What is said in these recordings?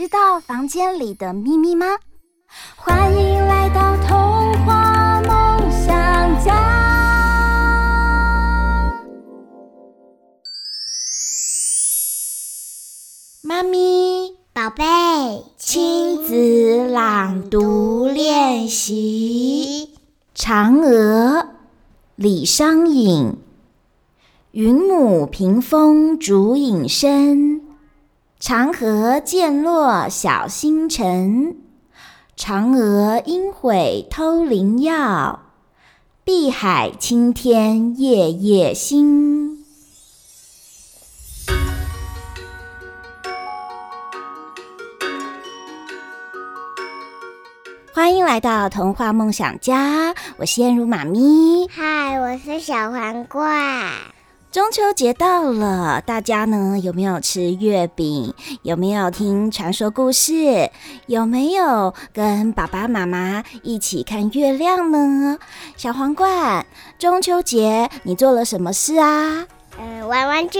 知道房間裡的秘密嗎？歡迎來到童話夢想家。媽咪，寶貝，親，親子朗讀練習《嫦娥》，李商隱，雲母屏風燭影深。長河漸落曉星沉，嫦娥應悔偷靈藥，碧海青天夜夜心。歡迎來到童話夢想家，我是彥如媽咪。嗨，我是小黃瓜。中秋節到了，大家呢有沒有吃月餅？有沒有聽傳說故事？有沒有跟爸爸媽媽一起看月亮呢？小皇冠，中秋節你做了什麼事啊？嗯、呃，玩玩具。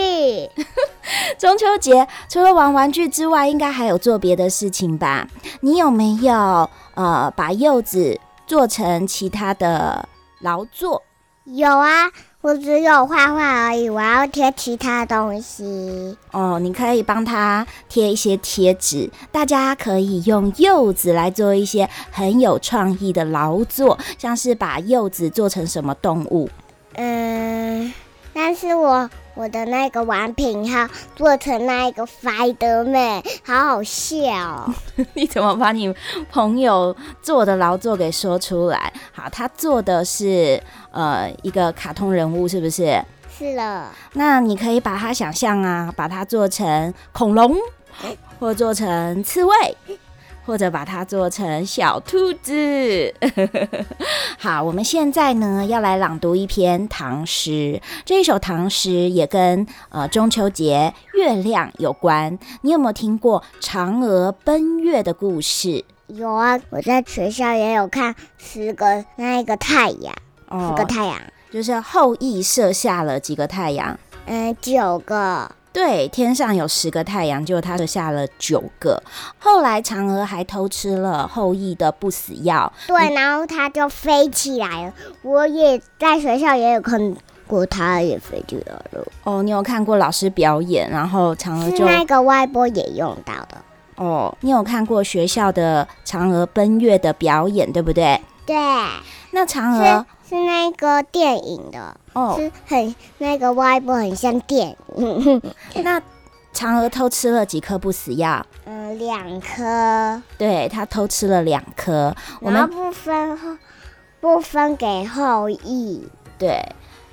中秋節除了玩玩具之外，應該還有做別的事情吧？你有沒有呃把柚子做成其他的勞作？有啊。我只有畫畫而已，我要貼其他東西。哦，你可以幫他貼一些貼紙，大家可以用柚子來做一些很有創意的勞作，像是把柚子做成什麼動物。嗯，但是我。我的那個玩品，他做成那一個 fighter man，好好笑哦。 你怎麼把你朋友做的勞作給說出來？好，他做的是呃一個卡通人物，是不是？是了。那你可以把它想象啊，把它做成恐龍，或做成刺蝟。或者把它做成小兔子。 好，我們現在呢要來朗讀一篇唐詩。這一首唐詩也跟呃中秋節月亮有關。你有沒有聽過嫦娥奔月的故事？有啊，我在學校也有看十個那一個太陽，十個太陽，哦，就是後羿射下了幾個太陽？嗯，九個。對，天上有十個太陽，結果他就他射下了九個。後來嫦娥還偷吃了後羿的不死藥，對，然後他就飛起來了。我也在學校也有看過，他也飛起來了。哦，你有看過老師表演，然後嫦娥就那個歪波也用到了。哦，你有看過學校的嫦娥奔月的表演，對不對？對，那嫦娥。是那個電影的哦，oh, 是很那個外部很像電影。 那嫦娥偷吃了幾顆不死藥？嗯，兩顆。對，她偷吃了兩顆，然後，不分，我們不分，不分給后羿。對，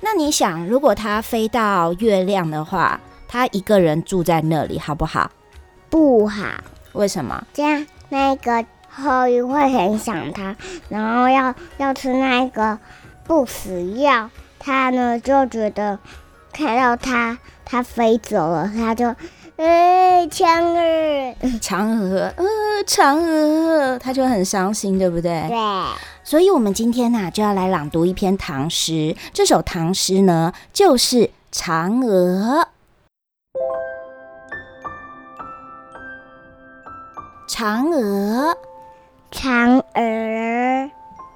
那你想，如果他飛到月亮的話，他一個人住在那裡好不好？不好。為什麼？這樣那個後羿會很想他，然後要要吃那個。不死藥，他呢就覺得看到他，他飛走了，他就，哎、欸，嫦娥，嫦娥，呃，嫦娥，他就很傷心，對不對？對。所以，我們今天呢、啊、就要來朗讀一篇唐詩，這首唐詩呢就是《嫦娥》。嫦娥，嫦娥。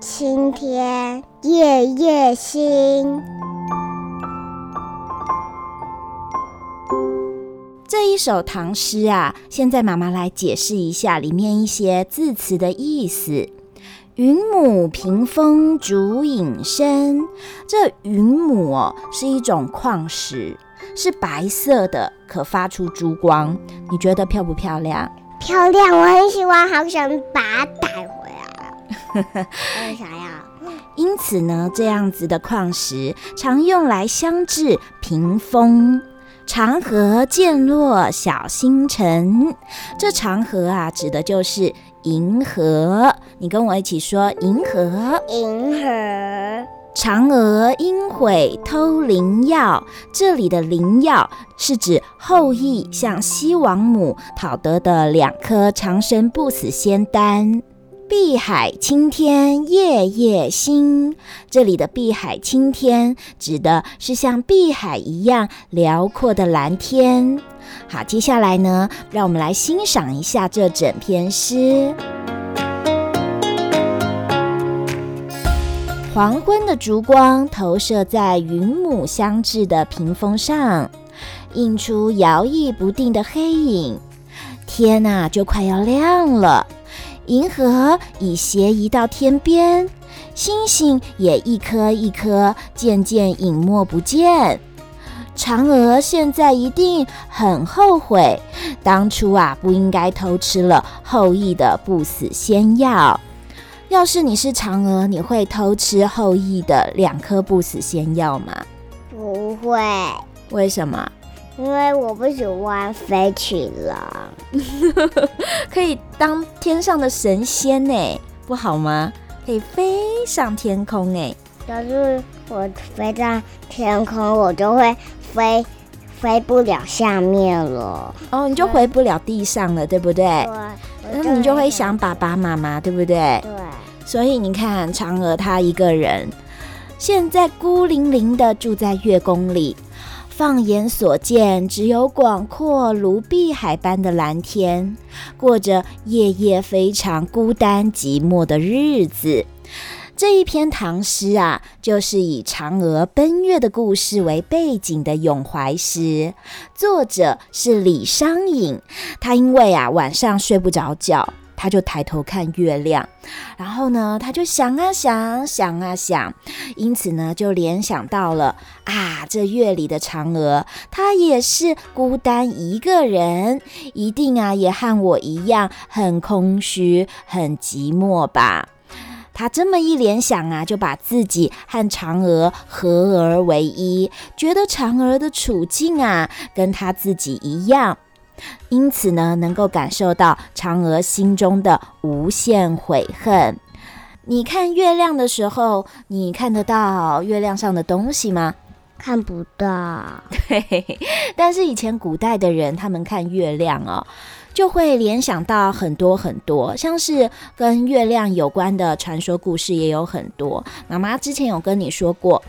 青天夜夜心。這一首唐詩啊，現在媽媽來解釋一下裡面一些字詞的意思。雲母屏風燭影深，這雲母哦是一種礦石，是白色的，可發出珠光。你覺得漂不漂亮漂亮，我很喜歡，好想把它帶。呵呵，為啥呀？因此呢，這樣子的礦石常用來鑲製屏風。長河漸落曉星沉，這長河啊，指的就是銀河。你跟我一起說，銀河，銀河。嫦娥應悔偷靈藥，這裡的靈藥是指后羿向西王母討得的兩顆長生不死仙丹。碧海青天夜夜心，這裡的碧海青天指的是像碧海一樣遼闊的藍天。好，接下來呢，讓我們來欣賞一下這整篇詩。黃昏的燭光投射在雲母鑲製的屏風上，映出搖曳不定的黑影。天吶、啊，就快要亮了。銀河已斜移到天邊，星星也一顆一顆漸漸隱沒不見。嫦娥現在一定很後悔，當初啊不應該偷吃了後羿的不死仙藥。要是你是嫦娥，你會偷吃后羿的兩顆不死仙藥嗎？不會。為什麼？因為我不喜歡飛去了， 可以當天上的神仙呢，不好嗎？可以飛上天空哎，但是我飛在天空，我就會飛飛不了下面了。哦，你就回不了地上了，對不對？對，那、嗯、你就會想爸爸媽媽，對不對？對，所以你看，嫦娥她一個人，現在孤零零的住在月宮裡。放眼所見，只有廣闊如碧海般的藍天，過着夜夜非常孤單寂寞的日子。這一篇唐詩啊，就是以嫦娥奔月的故事為背景的詠懷詩，作者是李商隱。他因為啊晚上睡不着覺。他就抬頭看月亮，然後呢，他就想啊想想啊想，因此呢，就聯想到了啊，這月裡的嫦娥，她也是孤單一個人，一定啊也和我一樣很空虛、很寂寞吧。他這麼一聯想啊，就把自己和嫦娥合而為一，覺得嫦娥的處境啊跟他自己一樣。因此呢，能夠感受到嫦娥心中的無限悔恨。你看月亮的時候，你看得到月亮上的東西嗎？看不到。對，但是以前古代的人，他們看月亮哦，就會聯想到很多很多，像是跟月亮有關的傳說故事也有很多。媽媽之前有跟你說過，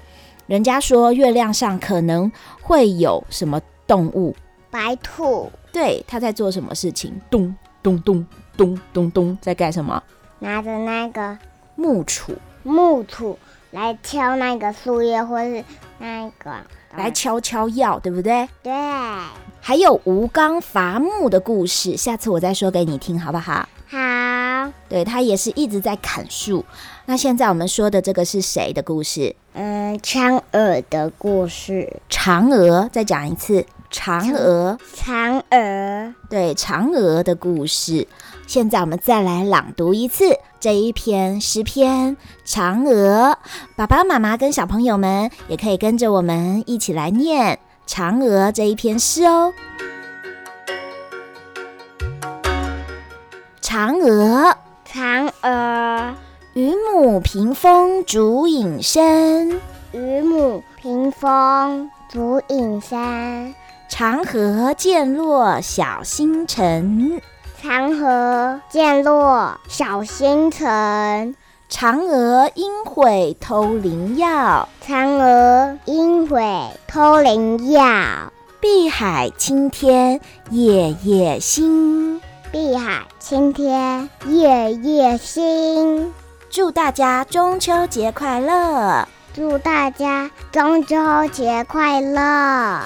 人家說月亮上可能會有什麼動物？白兔。對，他在做什麼事情？咚咚咚咚咚咚，咚，咚，在幹什麼？拿着那個木杵，木杵，木杵來敲那個樹葉，或是那個來敲敲藥，對不對？對。還有吳剛伐木的故事，下次我再說給你聽，好不好？好。對，他也是一直在砍樹。那現在我們說的這個是誰的故事？嗯，嫦娥的故事。嫦娥，再講一次。嫦娥嫦，嫦娥，對，嫦娥的故事。現在我們再來朗讀一次這一篇詩篇《嫦娥》。爸爸媽媽跟小朋友們也可以跟着我們一起來念《嫦娥》這一篇詩哦。嫦娥，嫦娥，雲母屏風燭影深，雲母屏風燭影深。長河漸落曉星沉，長河漸落曉星沉。嫦娥應悔偷靈藥，嫦娥應悔偷靈藥，藥。碧海青天夜夜心，碧海青天夜夜心。祝大家中秋節快樂！祝大家中秋節快樂！